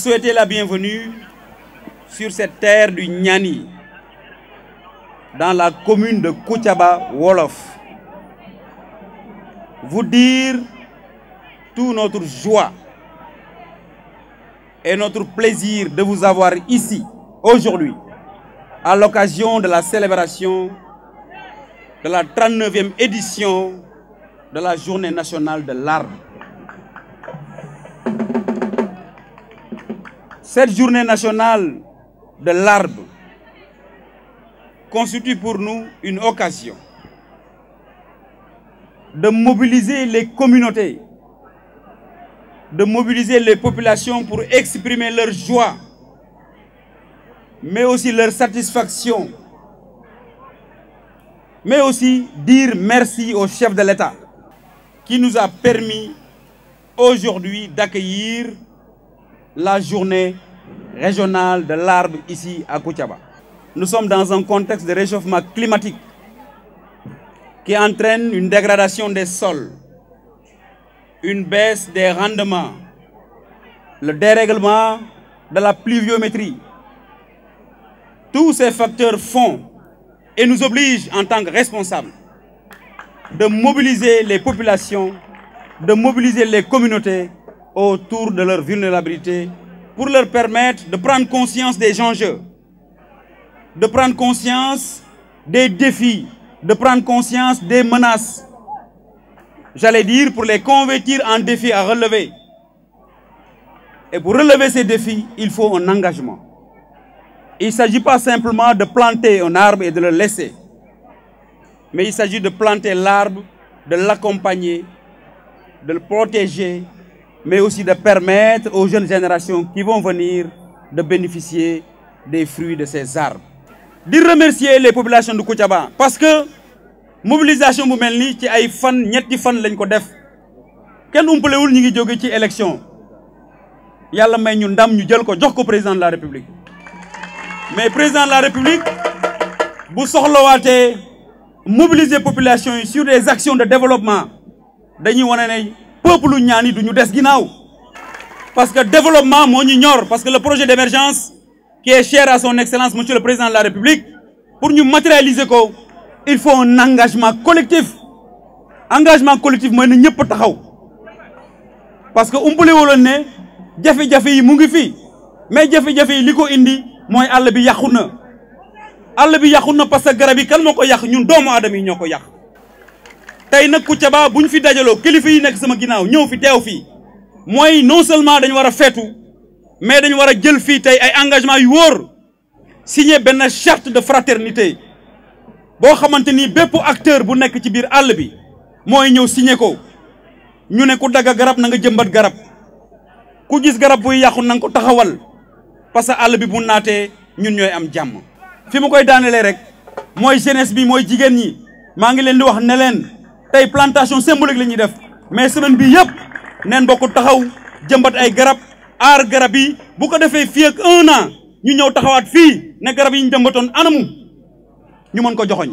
souhaiter la bienvenue sur cette terre du Nyani, dans la commune de Koutiaba Wolof. Vous dire toute notre joie et notre plaisir de vous avoir ici, aujourd'hui, à l'occasion de la célébration de la 39e édition de la Journée nationale de l'arbre. Cette journée nationale de l'arbre constitue pour nous une occasion de mobiliser les communautés, de mobiliser les populations pour exprimer leur joie, mais aussi leur satisfaction, mais aussi dire merci au chef de l'État qui nous a permis aujourd'hui d'accueillir la journée régionale de l'arbre ici à Kouchaba. Nous sommes dans un contexte de réchauffement climatique qui entraîne une dégradation des sols, une baisse des rendements, le dérèglement de la pluviométrie. Tous ces facteurs font et nous obligent en tant que responsables de mobiliser les populations, de mobiliser les communautés autour de leur vulnérabilité pour leur permettre de prendre conscience des enjeux, de prendre conscience des défis, de prendre conscience des menaces. J'allais dire pour les convertir en défis à relever. Et pour relever ces défis, il faut un engagement. Il ne s'agit pas simplement de planter un arbre et de le laisser, mais il s'agit de planter l'arbre, de l'accompagner, de le protéger mais aussi de permettre aux jeunes générations qui vont venir de bénéficier des fruits de ces arbres. De remercier les populations de Koutiaba parce que mobilisation bu mel nii ci ay fan ñetti fan lañ ko def kenn umpalewul ñu ngi ci élection Il may ñu ndam ñu jël ko jox ko président de la république mais président de la république vous soxlawaatee mobiliser population sur des actions de développement dañuy wane peuple ñani nous dess sommes des parce que le développement mo ñu parce que le projet d'émergence qui est cher à son excellence monsieur le président de la république pour nous matérialiser ko il faut un engagement collectif engagement collectif mooy ñepp taxaw parce que que wolone ne jafé jafé yi mu ngi fi mais jafé jafé yi liko indi moy àll bi yàqu na bi parce que garab yi kan nous ko ñun doomu adam yi ñoko Tay nak ku ciaba buñ fi dajalo kilifa yi nek sama ginaaw ñew fi tew fii moy non seulement dañ wara fetu mais dañ wara jël fii tay ay engagement yu wor signer ben charte de fraternité bo xamanteni ni acteur bu nek ci bir all bi moy ñew signer ko ñu ne ku daga garab na nga jëmbat garab ku gis garab bu yaxu nang ko taxawal parce que bi bu naté ñun ñoy am jamm fi mu koy daanelee rek moy jeunesse bi moy jigen ñi ma ngi leen di wax ne leen tey plantation symbolique la ñuy def mais semaine bi yëpp neen bokk taxaw jëmbat ay garab aar garab yi bu ko defee fii ak un an ñu ñëw taxawaat fii ne garab yi ñu jëmbatoon anamu ñu mën ko joxoñ